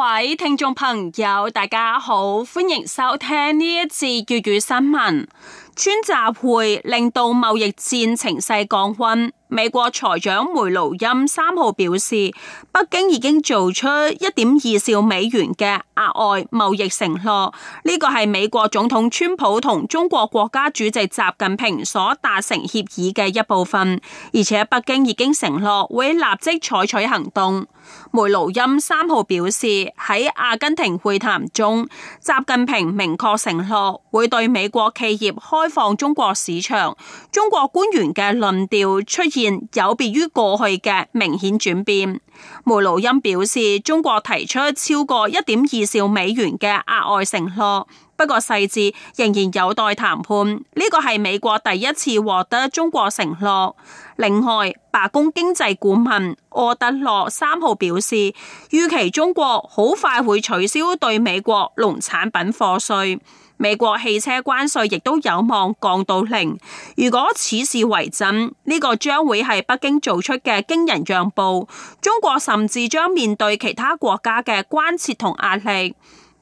各位聽眾朋友，大家好，歡迎收聽呢一次粵語新聞。川習會令到貿易戰情勢降溫。美國財長梅魯欽三號表示，北京已經做出一點二兆美元嘅額外貿易承諾，呢個係美國總統川普同中國國家主席習近平所達成協議嘅一部分，而且北京已經承諾會立即採取行動。梅魯欽三號表示喺阿根廷會談中，習近平明確承諾會對美國企業開放中國市場，中國官員嘅論調出現有別於過去嘅明顯轉變，梅努欽表示，中國提出超過一點二兆美元嘅額外承諾。不過細節仍然有待談判，呢個係美國第一次獲得中國承諾。另外，白宮經濟顧問奧德洛三號表示，預期中國好快會取消對美國農產品課稅，美國汽車關稅亦都有望降到零。如果此事為真，呢、這個將會係北京做出嘅驚人讓步，中國甚至將面對其他國家嘅關切同壓力。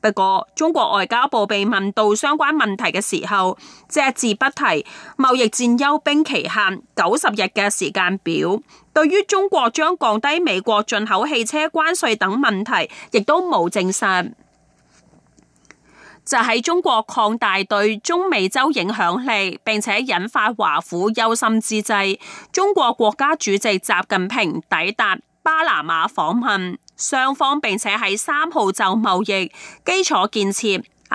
不過中國外交部被問到相關問題嘅時候，隻字不提貿易戰休兵期限九十日嘅時間表，對於中國將降低美國進口汽車關稅等問題，亦都冇證實。就喺中國擴大對中美洲影響力，並且引發華府憂心之際，中國國家主席習近平抵達。巴拿馬訪問，雙方並且喺三號就貿易、基礎建設、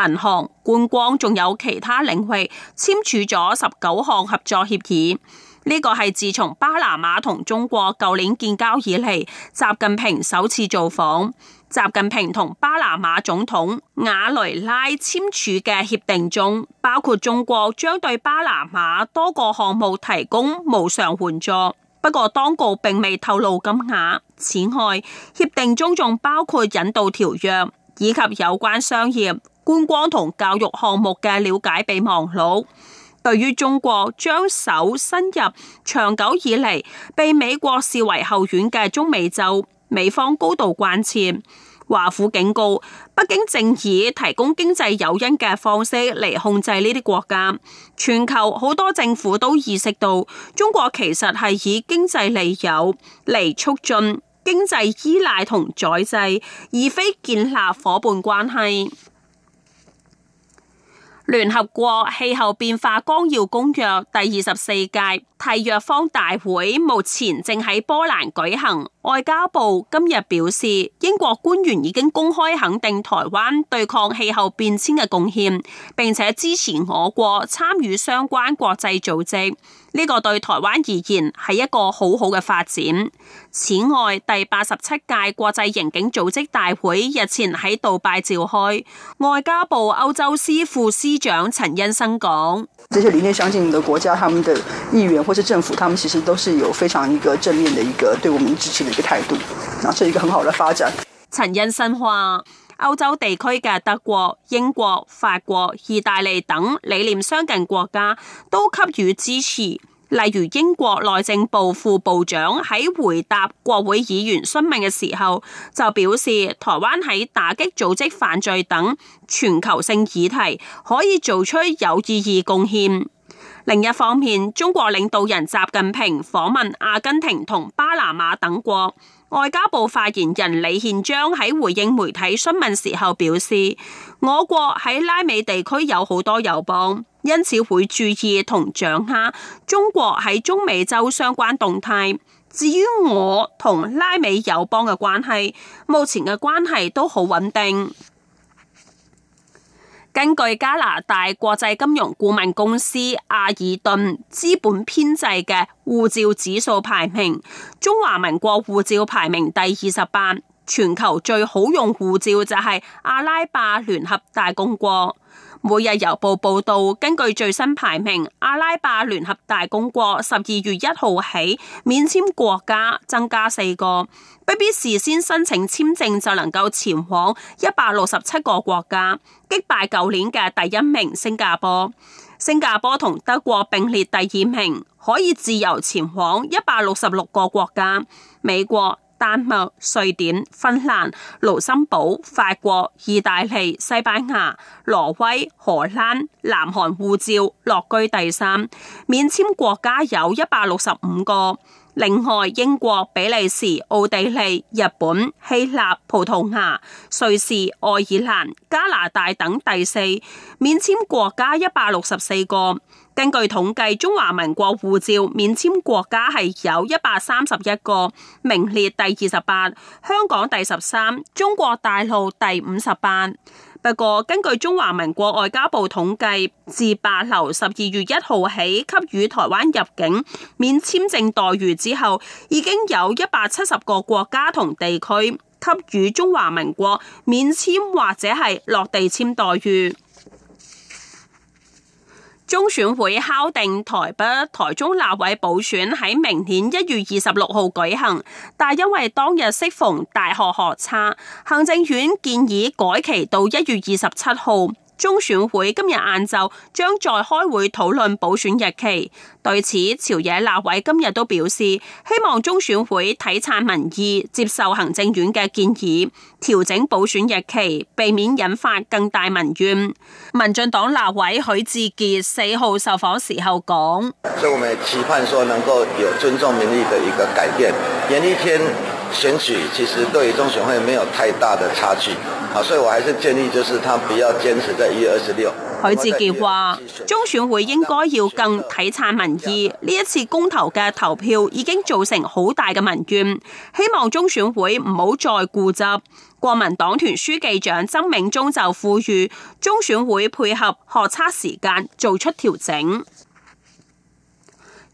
銀行、觀光仲有其他領域簽署咗十九項合作協議。呢個係自從巴拿馬同中國舊年建交以嚟，習近平首次造訪。習近平同巴拿馬總統瓦雷拉簽署嘅協定中，包括中國將對巴拿馬多個項目提供無償援助。不過，當局並未透露金額。此外，協定中仲包括引渡條約以及有關商業、觀光同教育項目嘅了解備忘錄。對於中國將手伸入長久以嚟被美國視為後院嘅中美洲，美方高度關切。華府警告，北京正以提供經濟誘因嘅方式嚟控制呢啲國家。全球好多政府都意識到，中國其實係以經濟利誘嚟促進經濟依賴同宰制，而非建立夥伴關係。聯合國氣候變化綱要公約第二十四屆締約方大會目前正喺波蘭舉行。外交部今日表示，英國官員已經公開肯定台灣對抗氣候變遷嘅貢獻，並且支持我國參與相關國際組織。呢個對台灣而言係一個好好嘅發展。此外，第八十七屆國際刑警組織大會日前喺杜拜召開，外交部歐洲司副司長陳恩生講：這些理念相近的國家，他們的議員或是政府，他們其實都是有非常一個正面的一個對我們支持的一個態度，啊，那是一個很好的發展。陳恩生話。歐洲地區嘅德國、英國、法國、意大利等理念相近國家都給予支持，例如英國內政部副部長喺回答國會議員詢問嘅時候就表示，台灣喺打擊組織犯罪等全球性議題可以做出有意義貢獻。另一方面，中國領導人習近平訪問阿根廷同巴拿馬等國。外交部發言人李憲章喺回應媒體詢問時候表示，我國喺拉美地區有好多友邦，因此會注意同掌握中國喺中美洲相關動態。至於我同拉美友邦嘅關係，目前嘅關係都好穩定。根據加拿大國際金融顧問公司阿爾頓資本編製嘅護照指數排名，中華民國護照排名第二十八，全球最好用護照就係阿拉伯聯合大公國。每日郵報報道，根據最新排名，阿拉伯聯合大公國十二月一號起免簽國家增加四個，不必，必事先申請簽證就能夠前往一百六十七個國家，擊敗舊年嘅第一名新加坡。新加坡同德國並列第二名，可以自由前往一百六十六個國家。美國。丹麥、瑞典、芬蘭、盧森堡、法國、意大利、西班牙、挪威、荷蘭、南韓護照落居第三，免簽國家有一百六十五個；另外英國、比利時、奧地利、日本、希臘、葡萄牙、瑞士、愛爾蘭、加拿大等第四，免簽國家一百六十四個。根據統計，中華民國護照免簽國家係有一百三十一個，名列第二十八，香港第十三，中國大陸第五十八。不過，根據中華民國外交部統計，自八樓十二月一號起給予台灣入境免簽證待遇之後，已經有一百七十個國家同地區給予中華民國免簽或者係落地簽待遇。中選會敲定台北、台中立委補選喺明年一月二十六號舉行，但因為當日適逢大學學測，行政院建議改期到一月二十七號。中選會今日晏晝將再開會討論補選日期。對此，朝野立委今日都表示，希望中選會體察民意，接受行政院嘅建議，調整補選日期，避免引發更大民怨。民進黨立委許智傑四號受訪時候講：，所以，我們期盼說能夠有尊重民意嘅一個改變。延一天選舉其實對於中選會沒有太大的差距。好，所以我還是建議，就是他不要堅持在一月二十六。許志杰話：，中選會應該要更體察民意。呢、嗯、一次公投嘅投票已經造成好大嘅民怨，希望中選會唔好再固執。國民黨團書記長曾銘宗就呼籲，中選會配合學測時間，做出調整。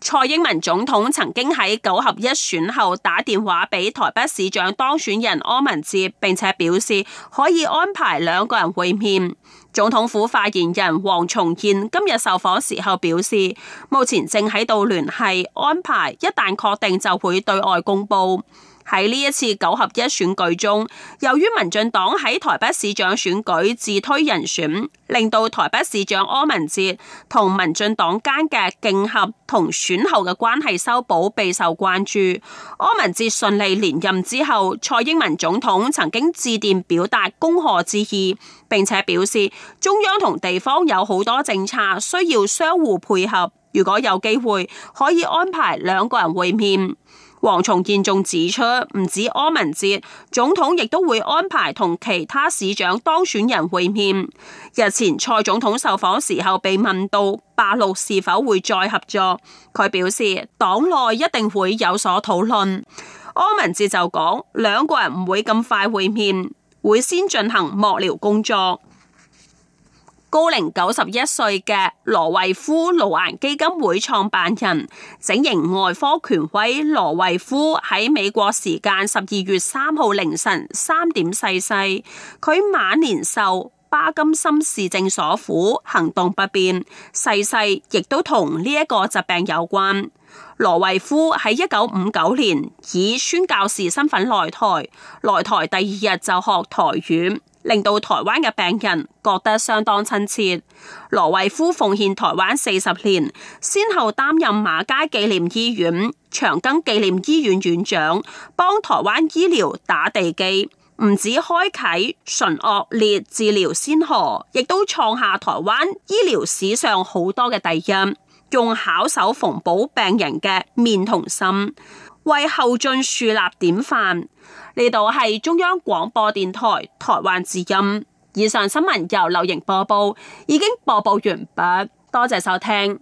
蔡英文總統曾經喺九合一選後打電話俾台北市長當選人柯文哲，並且表示可以安排兩個人會面。總統府發言人黃重賢今日受訪時候表示，目前正喺度聯繫安排，一旦確定就會對外公佈。喺呢一次九合一選舉中，由於民進黨喺台北市長選舉自推人選，令到台北市長柯文哲同民進黨間嘅競合同選後嘅關係修補備受關注。柯文哲順利連任之後，蔡英文總統曾經致電表達恭賀之意，並且表示中央同地方有好多政策需要相互配合，如果有機會可以安排兩個人會面。黃重諺仲指出，唔止柯文哲總統亦都會安排同其他市長當選人會面。日前蔡總統受訪時候被問到白綠是否會再合作，佢表示黨內一定會有所討論。柯文哲就講，兩個人唔會咁快會面，會先進行幕僚工作。高齡九十一歲嘅羅慧夫顱顏基金會創辦人、整形外科權威羅慧夫喺美國時間十二月三號凌晨三點逝世。佢晚年受巴金森氏症所苦，行動不便，逝世亦都同呢一個疾病有關。羅慧夫喺一九五九年以宣教士身份來台，來台第二日就學台語。令到台灣嘅病人覺得相當親切。羅慧夫奉獻台灣四十年，先後擔任馬偕紀念醫院、長庚紀念醫院院長，幫台灣醫療打地基，唔止開啓唇顎裂治療先河，亦都創下台灣醫療史上好多嘅第一，用巧手縫補病人嘅面同心。為後進樹立典範。呢度係中央廣播電台台灣之音。以上新聞由流瑩播報，已經播報完畢。多謝收聽。